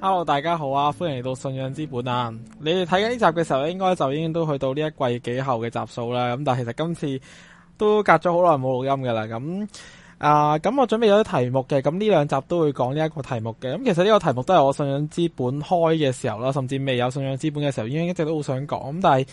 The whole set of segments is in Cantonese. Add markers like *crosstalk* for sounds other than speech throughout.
Hello，大家好啊，歡迎嚟到信仰之本啊！你哋睇緊呢集嘅時候，應該就已經都去到呢一季幾後嘅集數啦。咁但係其實今次都隔咗好耐冇錄音㗎啦。咁啊，咁、呃、我準備咗啲題目嘅，咁呢兩集都會講呢一個題目嘅。咁其實呢個題目都係我信仰之本開嘅時候啦，甚至未有信仰之本嘅時候，已經一直都好想講。咁但係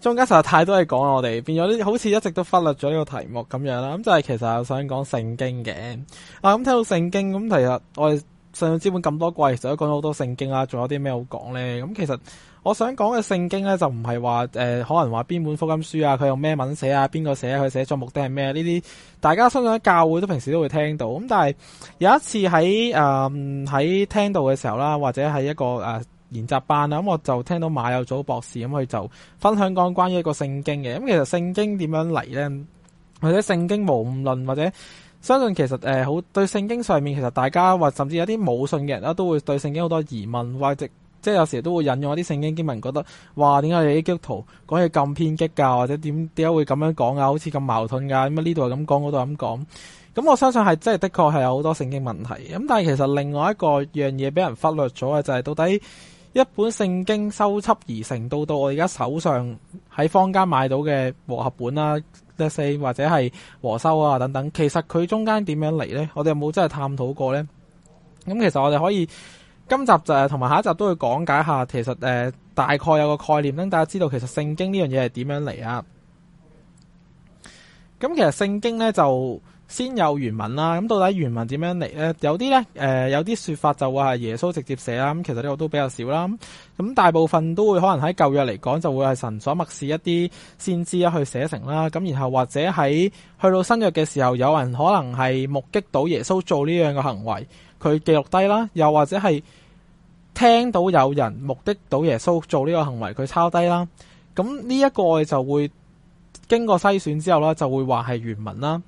中間實在太多嘢講，我哋變咗啲好似一直都忽略咗呢個題目咁樣啦。咁就係其實係想講聖經嘅。啊，咁睇到聖經咁，其實我哋。信仰之本咁多季，其實都講咗好多聖經啊。仲有啲咩好講呢？咁其實我想講嘅聖經呢，就唔係話誒，可能話邊本福音書啊，佢用咩文寫啊，邊個寫佢寫作目的係咩？呢啲大家相信喺教會都平時都會聽到。咁但係有一次喺誒喺聽到嘅時候啦，或者係一個誒、呃、研習班啊，咁我就聽到馬有祖博士咁佢就分享講關於一個聖經嘅。咁其實聖經點樣嚟呢？或者聖經無誤論，或者？相信其實、呃、好對聖經上面其實大家或甚至有啲冇信嘅人啦，都會對聖經好多疑問，或者即係有時都會引用一啲聖經經文，覺得哇話點解你啲基督徒講嘢咁偏激㗎，啊，或者點解會咁樣講啊？好似咁矛盾㗎，啊，咁啊呢度係咁講，嗰度係咁講。咁我相信係真係的確係有好多聖經問題。咁但係其實另外一個樣嘢俾人忽略咗嘅就係、是、到底一本聖經收輯而成，到到我而家手上喺坊間買到嘅和合本啦。第四或者係和修啊等等，其實佢中間點樣嚟呢？我哋有冇真係探討過呢。咁、嗯、其實我哋可以今集就同埋下一集都會講解下，其實誒、呃、大概有個概念，等大家知道其實聖經呢樣嘢係點樣嚟啊！咁、嗯、其實聖經呢就。先有原文啦，咁到底原文點樣嚟呢？有啲呢，誒，有啲說法就話係耶穌直接寫啦。咁其實呢個都比較少啦。咁，大部分都會可能喺舊約嚟講，就會係神所默示一啲先知啊去寫成啦。咁然後或者喺去到新約嘅時候，有人可能係目擊到耶穌做呢樣嘅行為，佢記錄低啦；又或者係聽到有人目擊到耶穌做呢個行為，佢抄低啦。咁呢一個就會經過篩選之後呢，就會話係原文啦。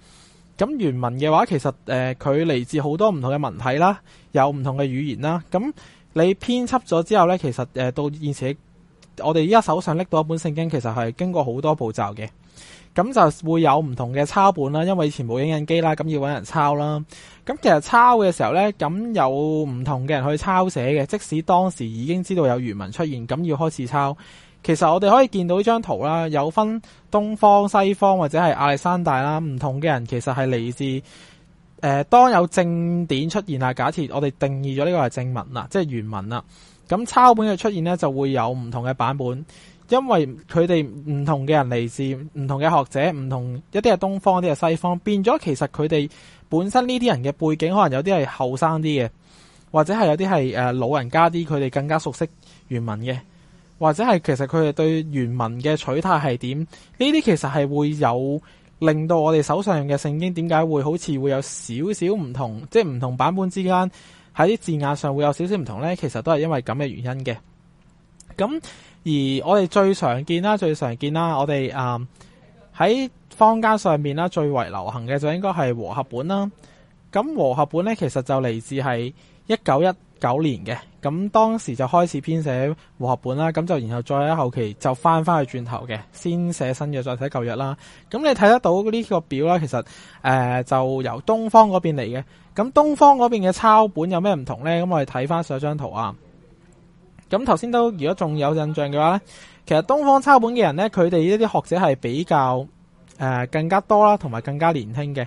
咁原文嘅話，其實誒佢嚟自好多唔同嘅文體啦，有唔同嘅語言啦。咁你編輯咗之後呢，其實誒、呃、到現時我哋依家手上拎到一本聖經，其實係經過好多步驟嘅。咁就會有唔同嘅抄本啦，因為以前冇影印機啦，咁要搵人抄啦。咁其實抄嘅時候呢，咁有唔同嘅人去抄寫嘅，即使當時已經知道有原文出現，咁要開始抄。其實我哋可以見到呢張圖啦，有分東方、西方或者係亞歷山大啦，唔同嘅人其實係嚟自、呃、當有正典出現啊，假設我哋定義咗呢個係正文啦，即係原文啦。咁抄本嘅出現呢，就會有唔同嘅版本，因為佢哋唔同嘅人嚟自唔同嘅學者，唔同一啲係東方，一啲係西方，變咗其實佢哋本身呢啲人嘅背景，可能有啲係後生啲嘅，或者係有啲係誒老人家啲，佢哋更加熟悉原文嘅。或者係其實佢哋對原文嘅取態係點？呢啲其實係會有令到我哋手上嘅聖經點解會好似會有少少唔同，即係唔同版本之間喺啲字眼上會有少少唔同呢？其實都係因為咁嘅原因嘅。咁而我哋最常見啦，最常見啦，我哋啊、喺坊間上面啦最為流行嘅就應該係和合本啦。咁和合本呢，其實就嚟自係一九一九年嘅，咁當時就開始編寫和合本啦，咁就然後再喺後期就翻翻去轉頭嘅，先寫新嘅，再睇舊約啦。咁你睇得到呢個個表啦，其實誒、呃、就由東方嗰邊嚟嘅，咁東方嗰邊嘅抄本有咩唔同呢？咁我哋睇翻上張張圖啊。咁頭先都，如果仲有印象嘅話呢，其實東方抄本嘅人呢，佢哋呢啲學者係比較誒、呃、更加多啦，同埋更加年輕嘅，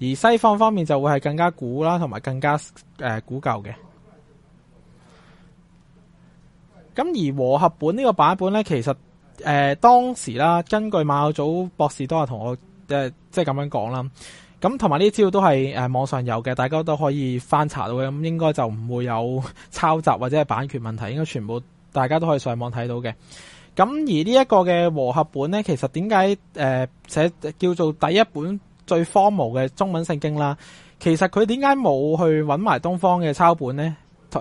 而西方方面就會係更加古啦，同埋更加誒、呃、古舊嘅。咁而和合本呢個版本呢，其實、呃、當時啦，根據馬友祖博士都係同我、呃、即係咁樣講啦。咁同埋呢啲資料都係、呃、網上有嘅，大家都可以翻查到嘅。咁、嗯、應該就唔會有抄襲或者係版權問題，應該全部大家都可以上網睇到嘅。咁、嗯、而呢一個嘅和合本呢，其實點解寫叫做第一本最荒謬嘅中文聖經啦？其實佢點解冇去揾埋東方嘅抄本呢？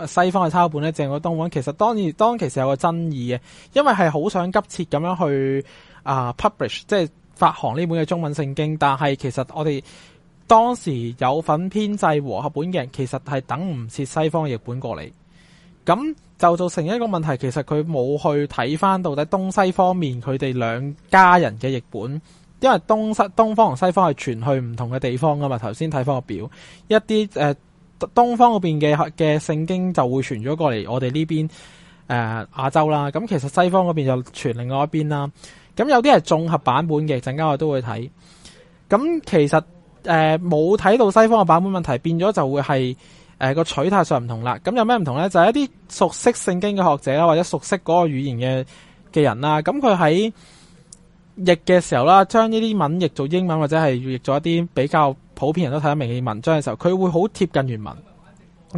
西方嘅抄本咧，正個東方，其實當然當其實有個爭議嘅。因為係好想急切咁樣去啊、呃、publish，即係發行呢本嘅中文聖經，但係其實我哋當時有份編製和合本嘅人，其實係等唔切西方嘅譯本過嚟，咁就造成一個問題，其實佢冇去睇翻到底東西方面佢哋兩家人嘅譯本，因為東，東方西方同西方係傳去唔同嘅地方噶嘛，頭先睇翻個表，一啲東方嗰邊嘅嘅聖經就會傳咗過嚟我哋呢邊誒亞洲啦，咁其實西方嗰邊就傳另外一邊啦。咁有啲係綜合版本嘅，陣間我哋都會睇。咁其實誒冇睇到西方嘅版本問題，變咗就會係誒個取態上唔同啦。咁有咩唔同呢？就係一啲熟悉聖經嘅學者啦，或者熟悉嗰個語言嘅嘅人啦。咁佢喺譯嘅時候啦，將呢啲文譯做英文或者係譯咗一啲比較。普遍人都睇明嘅文章嘅時候，佢會好貼近原文。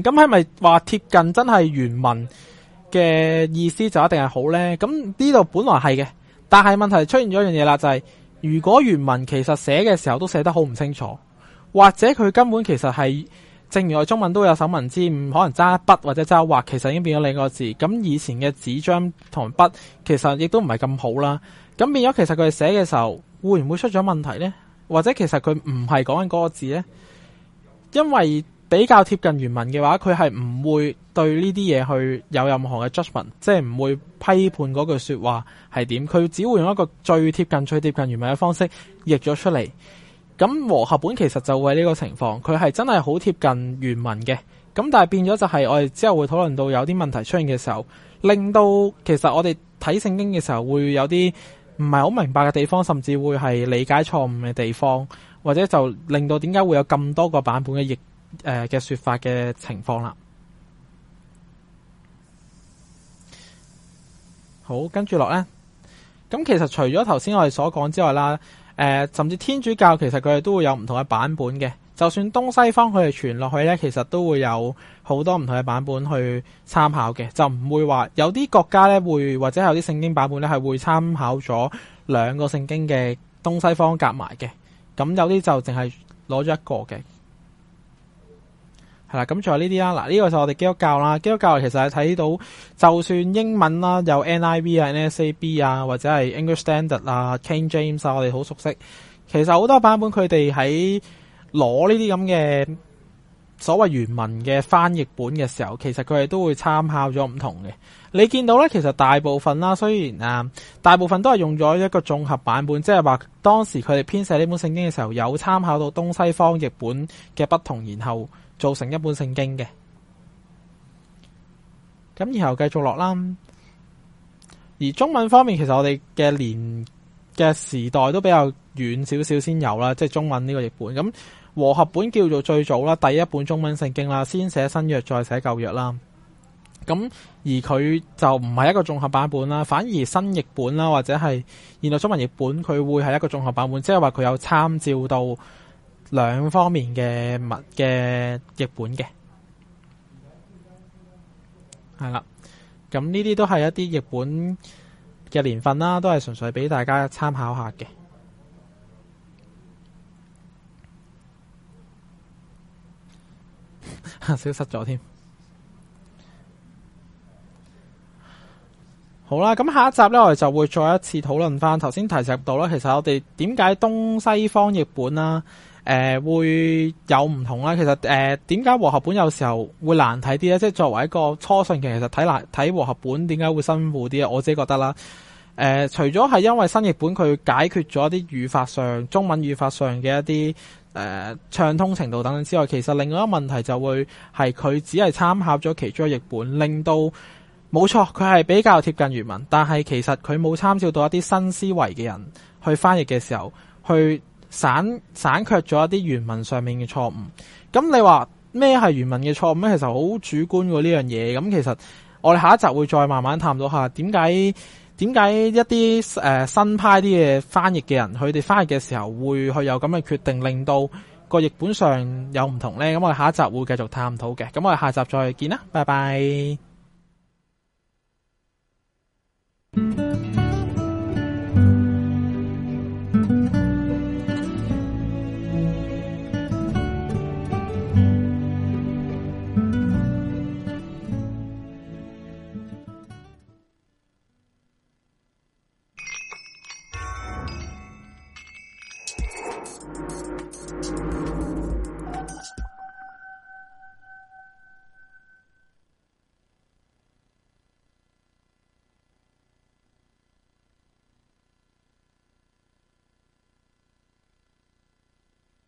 咁係咪話貼近真係原文嘅意思就一定係好咧？咁呢度本來係嘅，但係問題出現咗一樣嘢啦，就係如果原文其實寫嘅時候都寫得好唔清楚，或者佢根本其實係，正如我中文都有手民之誤，可能揸筆或者揸畫，其實已經變咗另一個字。咁以前嘅紙張同筆，其實亦都唔係咁好啦。咁變咗，其實佢寫嘅時候會唔會出咗問題咧？或者其實佢唔係講緊嗰個字呢，因為比較貼近原文嘅話，佢係唔會對呢啲嘢去有任何嘅 judgment，即係唔會批判嗰句說話係點，佢只會用一個最貼近、最貼近原文嘅方式譯咗出嚟。咁和合本其實就會喺呢個情況，佢係真係好貼近原文嘅。咁但係變咗就係我哋之後會討論到有啲問題出現嘅時候，令到其實我哋睇聖經嘅時候會有啲。唔係好明白嘅地方，甚至會係理解錯誤嘅地方，或者就令到點解會有咁多個版本嘅譯，誒，嘅說法嘅情況啦。好，跟住落呢，咁其實除咗頭先我哋所講之外啦，誒，甚至天主教其實佢哋都會有唔同嘅版本嘅。就算東西方佢哋傳落去呢，其實都會有好多唔同嘅版本去參考嘅，就唔會話有啲國家呢會或者有啲聖經版本呢係會參考咗兩個聖經嘅東西方夾埋嘅。咁有啲就淨係攞咗一個嘅，係啦。咁仲有呢啲啦，嗱、這、呢個就我哋基督教啦，基督教其實係睇到就算英文啦，有 NIV 啊、NSAB 啊或者係 English Standard 啊、King James 啊，我哋好熟悉。其實好多版本佢哋喺。攞呢啲咁嘅所謂原文嘅翻譯本嘅時候，其實佢哋都會參考咗唔同嘅。你見到呢，其實大部分啦，雖然啊，大部分都係用咗一個綜合版本，即係話當時佢哋編寫呢本聖經嘅時候，有參考到東西方譯本嘅不同，然後造成一本聖經嘅。咁然後繼續落啦。而中文方面，其實我哋嘅年嘅時代都比較遠少少先有啦，即係中文呢個譯本咁。和合本叫做最早啦，第一本中文聖經啦，先寫新約再寫舊約啦。咁而佢就唔係一個綜合版本啦，反而新譯本啦，或者係現代中文譯本，佢會係一個綜合版本，即係話佢有參照到兩方面嘅文嘅譯本嘅，係啦。咁呢啲都係一啲譯本嘅年份啦，都係純粹俾大家參考下嘅。 *laughs* 消失咗添。好啦，咁下一集呢，我哋就會再一次討論翻頭先提及到啦。其實我哋點解東西方譯本啦、啊，誒、呃、會有唔同啦、啊。其實誒，點、呃、解和合本有時候會難睇啲呢？即係作為一個初信嘅，其實睇難睇和合本點解會辛苦啲啊？我自己覺得啦，誒、呃，除咗係因為新譯本佢解決咗一啲語法上中文語法上嘅一啲。誒、呃、通程度等等之外，其實另外一個問題就會係佢只係參考咗其中一本，令到冇錯佢係比較貼近原文，但係其實佢冇參照到一啲新思維嘅人去翻譯嘅時候，去散散略咗一啲原文上面嘅錯誤。咁你話咩係原文嘅錯誤咧？其實好主觀喎呢樣嘢。咁其實我哋下一集會再慢慢談到下點解。為什麼點解一啲誒、呃、新派啲嘅翻譯嘅人，佢哋翻譯嘅時候會去有咁嘅決定，令到個譯本上有唔同呢？咁我哋下一集會繼續探討嘅。咁我哋下一集再見啦，拜拜。